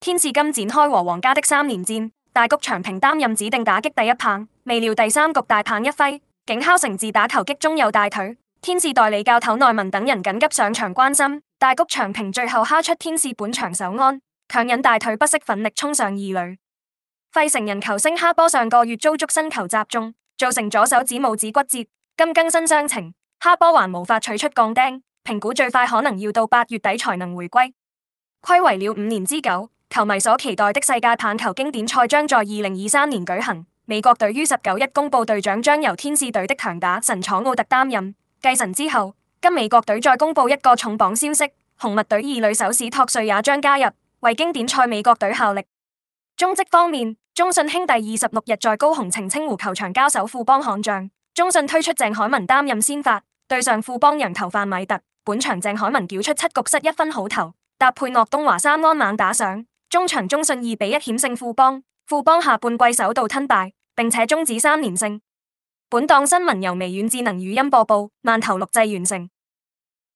天使今展開和皇家的三連戰，大谷翔平擔任指定打擊第一棒。未料第三局大棒一揮，竟敲成自打球擊中右大腿。天使代理教頭內文等人緊急上場關心。大谷翔平最後敲出天使本場首安，強忍大腿不適奮力衝上二壘。費城人球星哈波上個月遭觸身球砸中，造成左手指拇指骨折，今更新傷情。哈波還無法取出鋼釘，評估最快可能要到八月底才能回歸。睽違了五年之久。球迷所期待的世界棒球經典賽將在二零二三年舉行。美國隊於十九日公布隊長將由天使隊的強打神楚奧特擔任。繼神之後，跟美國隊再公布一個重磅消息：紅襪隊二壘手史托瑞也將加入，為經典賽美國隊效力。中職方面，中信兄弟二十六日在高雄澄清湖球場交手富邦悍將。中信推出鄭凱文擔任先發，對上富邦洋投范米特。本場鄭凱文繳出七局失一分好投，搭配岳東華三安猛打賞。中場中信二比一險勝富邦，富邦下半季首度吞敗，並且終止三連勝。本檔新聞由微軟智能語音播報，慢投錄製完成。